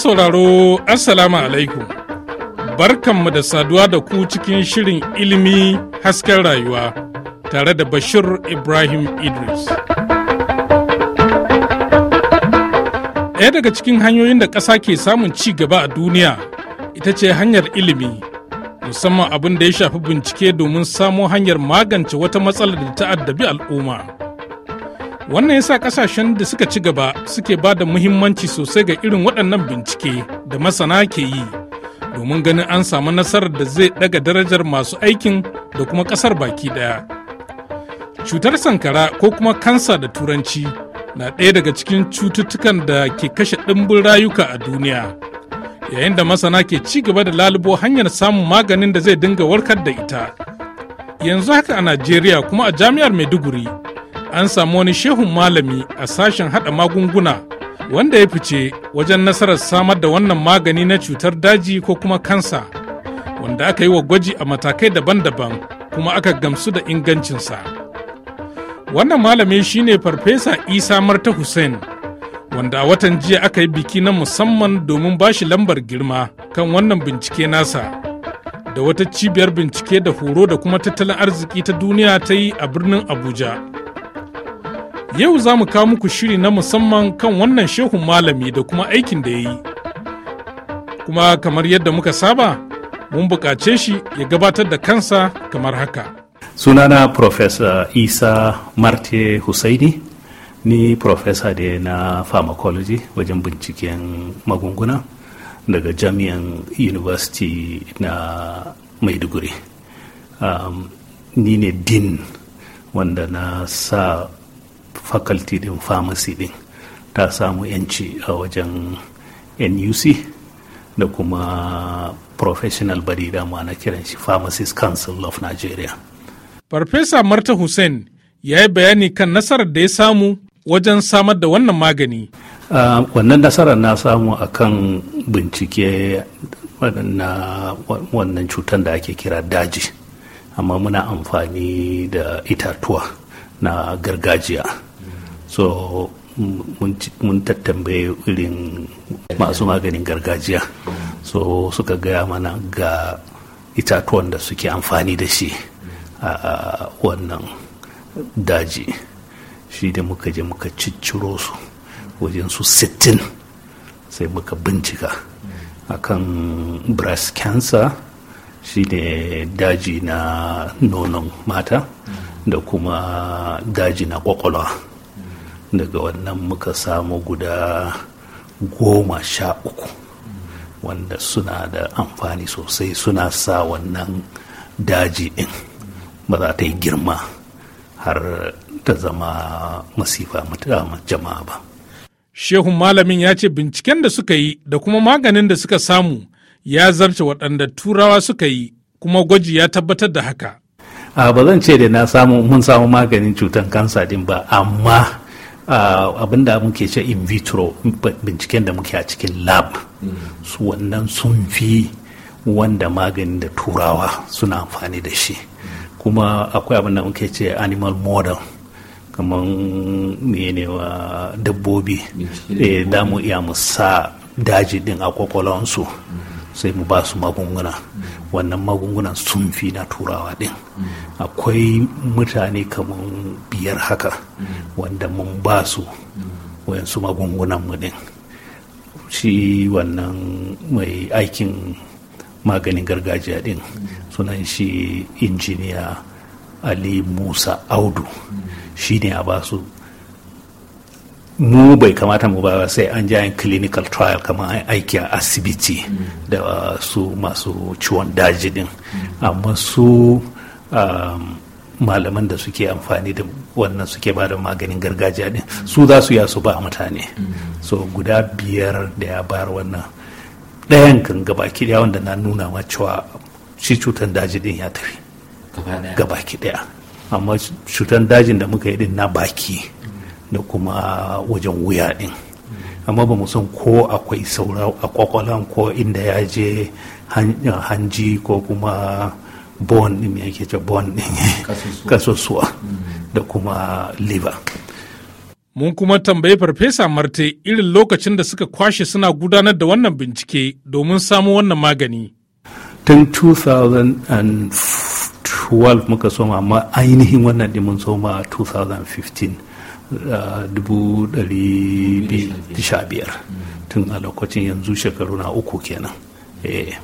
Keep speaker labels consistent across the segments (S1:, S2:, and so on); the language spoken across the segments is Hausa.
S1: sauraro Assalamu alaikum. Barkanmu da saduwa da ku cikin shirin ilimi hasken rayuwa tare da Bashir Ibrahim Idris. Ɗaya daga cikin hanyoyin da ƙasa ke samun ci gaba a duniya ita ce hanyar ilimi, musamman abin da ya shafi bincike domin samo hanyar magance wata matsalar da ta addabi al'umma. Wannan ya sa kasashen da suka ci gaba suke ba da muhimmanci sosai ga irin waɗannan bincike da masana ke yi domin ganin an samu nasarar da zai ɗaga darajar masu aikin da kuma ƙasar baki ɗaya. Cutar sankara ko kuma kansa da turanci na ɗaya daga cikin cututtukan da ke kashe ɗimbin rayuka a duniya yayin da masana ke ci gaba da lalubo hanyar samun maganin da zai dinga warkar da ita yanzu haka a najeriya kuma a jami'ar maiduguri an samu wani shehun malami a sashen hada magunguna wanda ya fice wajen nasarar samar da wannan magani na cutar daji ko kuma kansa wanda aka yi wa gwaji a matakai daban-daban kuma aka gamsu da ingancinsa wannan malami shine farfesa isa marta hussein wanda a watan jiya aka yi biki na musamman domin ba shi lambar girma kan wannan bincike nasa da wata cibiyar bincike da horo da kuma tattalin arziki ta duniya ta yi a birnin abuja Yau za mu kawo muku shiri na musamman kan wannan shehun malami da kuma aikin da ya yi. Kuma kamar yadda muka saba, mun buƙace shi ya gabatar da kansa kamar haka.
S2: Sunana Professor Isa Marte Husaini, ni Professor da na Pharmacology wajen binciken magunguna daga Jami'an University na Maiduguri. Um, ni ne din wanda na sa faculty din pharmacy din ta samu yanci a wajen nuc da kuma professional body da ana kiran shi pharmacist council of nigeria
S1: farfesa marta hussein ya yi bayani kan nasarar da ya samu wajen samar da wannan magani
S2: uh, wannan nasarar na samu a kan bincike na wannan cutar da ake kira daji amma muna amfani da itatuwa na gargajiya so mun tattambaye irin masu maganin gargajiya so suka gaya mana ga itatuwan da suke amfani da shi a wannan daji shi da muka je muka cicciro su wajen su sittin sai muka bincika akan breast cancer shi ne daji na nonon mata da kuma daji na kwakwalwa daga wannan muka samu guda goma sha uku wanda suna da amfani sosai suna sa wannan daji ɗin ba za ta yi girma har ta zama masifa jama'a ba.
S1: Shehun malamin ya ce binciken da suka yi da kuma maganin da suka samu ya zarce waɗanda turawa suka yi kuma gwaji ya tabbatar da haka.
S2: A ba zan ce da na samu mun samu maganin cutar kansa din ba amma Ah, abin da muke ce in vitro binciken da muke a cikin lab su wannan sun fi wanda maganin da turawa suna amfani da shi kuma akwai abin da muke ce animal model kamar mene wa dabbobi da eh, mu iya mu sa daji din a kwakwalonsu mm. sai mu ba su magunguna wannan magungunan sun fi na turawa din akwai mutane kamar biyar haka wanda mun ba su wayansu magungunan mu din shi wannan mai aikin maganin gargajiya din sunan shi injiniya ali musa audu shi ne a ba su mu bai kamata mu ba sai an ja yin clinical trial kamar aiki a asibiti da su masu ciwon daji din amma su um, malaman da suke amfani da wannan suke ba da maganin gargajiya din su za su ya su ba mutane so guda biyar da ya bayar wannan ɗayan kan gabaki daya wanda na nuna ma cewa shi cutar daji din ya tafi gabaki daya amma cutar dajin da muka yi din na baki da kuma wajen wuya din amma ba san ko akwai saura a kwakwalan ko inda ya je hanji ko kuma
S1: bon din yake ce bone din kasusuwa mm. da kuma liver Mun kuma tambayi Farfesa Marte irin lokacin da suka kwashe suna gudanar da wannan bincike domin samu wannan magani.
S2: Tun 2012 muka soma amma ainihin wannan dimin soma 2015. 2015 tun a lokacin yanzu shekaru na uku kenan
S1: eh.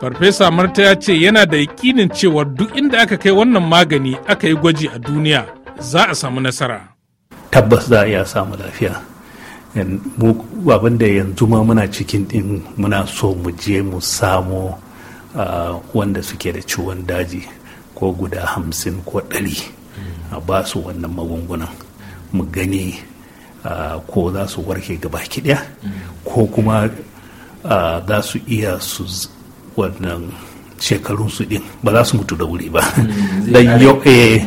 S1: farfesa marta ya ce yana da yakinin cewa duk inda aka kai wannan magani aka yi gwaji a duniya za a samu nasara
S2: tabbas za a iya samu lafiya abinda da yanzu ma muna cikin din muna so mu je mu samo ah, wanda suke da ciwon daji ko guda hamsin ko ɗari a basu wannan magungunan mu gani ko za su warke gaba daya ko kuma za su iya su wannan shekarun su ɗin ba za su mutu da wuri ba hmm, don eh,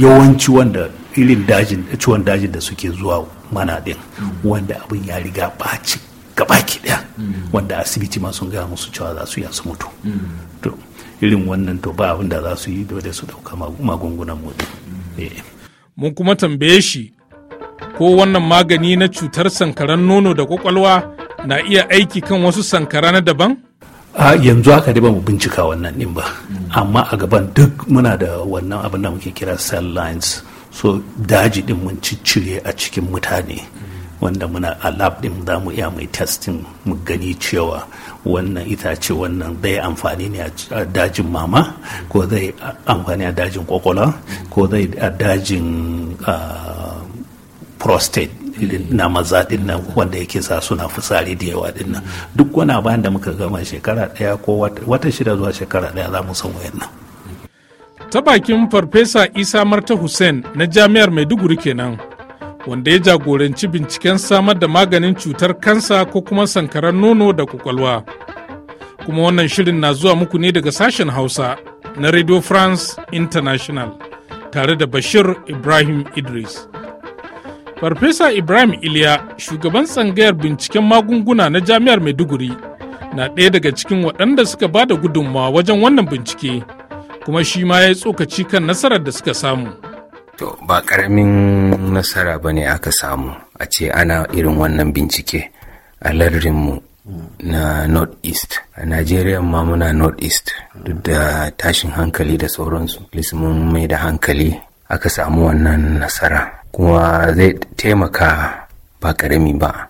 S2: yawanci wanda irin dajin ciwon dajin da suke zuwa mana din hmm. wanda abin ya riga baci gaba daya hmm. wanda asibiti ma sun gaya musu cewa za su iya su mutu irin wannan to ba abin da za su yi dole su dauka magungunan mu eh.
S1: mun kuma tambaye shi ko wannan magani na cutar sankaran nono da kwakwalwa na iya aiki kan wasu sankara na daban?
S2: a yanzu haka dai ba mu bincika wannan din ba amma a gaban duk muna da wannan abin da muke kira cell lines so daji din mun ciccire a cikin mutane wanda muna a lab din za mu iya mai testing mu gani cewa wannan itace wannan zai amfani ne a dajin mama ko zai amfani a dajin kwakwala ko zai a dajin prostate na maza din wanda yake sa suna fitsari da yawa din nan duk wani bayan da muka gama shekara daya ko wata shida zuwa shekara daya za mu
S1: san wayannan ta bakin farfesa isa marta hussein na jami'ar maiduguri kenan wanda ya jagoranci binciken samar da maganin cutar kansa ko kuma sankaran nono da kwakwalwa kuma wannan shirin na zuwa muku ne daga sashen hausa na radio france international tare da bashir ibrahim idris Farfesa Ibrahim Iliya, shugaban tsangayar binciken magunguna na Jami'ar Maiduguri, na ɗaya daga cikin waɗanda suka ba da gudunmawa wajen wannan bincike, kuma shi ma ya tsokaci kan nasarar da suka samu.
S3: To, ba ƙaramin nasara ba ne aka samu a ce ana irin wannan bincike a lardinmu na North East. A Najeriya ma muna North East duk da tashin hankali da sauransu. mun mai da hankali aka samu wannan nasara. kuma zai taimaka ba karami ba.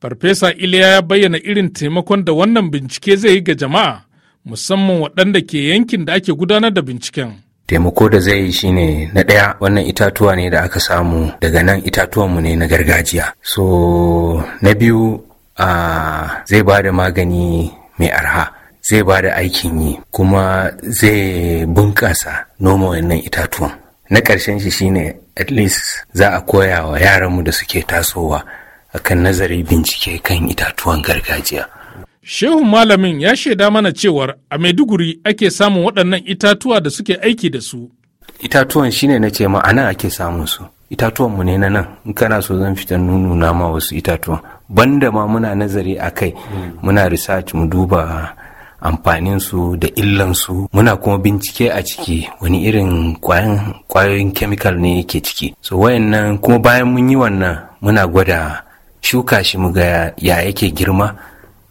S1: Farfesa Iliya ya bayyana irin taimakon da wannan bincike zai yi ga jama'a musamman waɗanda ke yankin da ake gudanar da binciken.
S3: Taimako da zai yi shine na ɗaya wannan itatuwa ne da aka samu daga nan itatuwanmu ne na gargajiya. So na biyu uh, zai ba da magani mai arha. zai ba da aikin yi kuma zai bunƙasa noma wannan itatuwan na ƙarshen shi shine at least za a koya wa yaranmu da suke tasowa akan nazari bincike kan itatuwan
S1: gargajiya Shehun malamin ya shaida mana cewar a Maiduguri ake samun waɗannan itatuwa da suke aiki da su.
S3: Itatuwan shine na ce ma'ana ake samun su. Itatuwan mu ne na nan in kana so zan fita nunu ma wasu itatuwan. Banda ma muna nazari a kai hmm. muna research mu duba amfaninsu da illansu muna kuma bincike a ciki wani irin kwayoyin kemikal ne yake ciki so wayannan kuma bayan mun yi wannan muna gwada shuka shi mu ga ya yake girma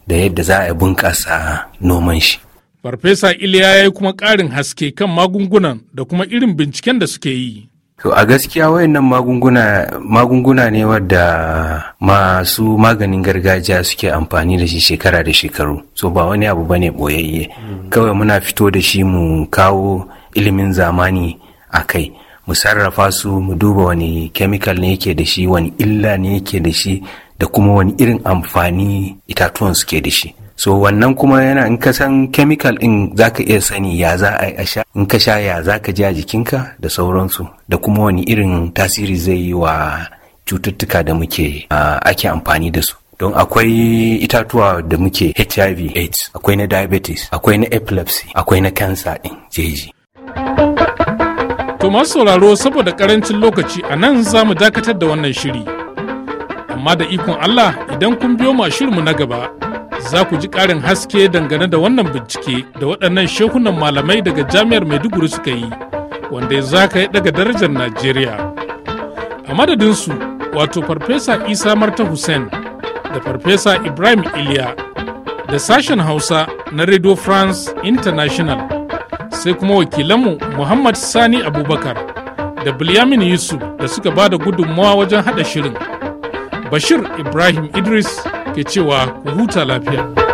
S3: da yadda za a bunƙasa noman shi
S1: farfesa iliya ya yi kuma ƙarin haske kan magungunan da kuma irin binciken da suke yi To a gaskiya wayannan
S3: magunguna magunguna ne wadda masu maganin gargajiya suke amfani da shi shekara da shekaru. So ba wani abu bane boyayye. Kawai muna fito da shi mu kawo ilimin zamani a kai. Mu sarrafa su mu duba wani chemical ne yake da shi, wani illa ne yake da shi, da kuma wani irin amfani itatuwan suke da shi. so wannan kuma yana in ka san chemical za ka iya sani ya za a sha in ka sha ya za ka ji a jikinka da sauransu da kuma wani irin tasiri zai yi wa cututtuka da muke ake amfani da su don akwai itatuwa da muke hiv aids akwai na diabetes akwai na epilepsy akwai na cancer din
S1: jeji to masu sauraro saboda karancin lokaci a nan za mu dakatar da wannan shiri amma da ikon allah idan kun biyo mu mu na gaba za ku ji ƙarin haske dangane da wannan bincike da waɗannan shehunan malamai daga jami'ar maiduguri suka yi wanda ya za ka yi daga darajar najeriya a madadinsu wato farfesa isa marta hussein da farfesa ibrahim iliya da sashen hausa na radio france international sai kuma wakilanmu muhammad sani abubakar da bilyamin yusuf da suka ba da gudunmawa wajen haɗa shirin bashir ibrahim idris ke cewa ku huta lafiya.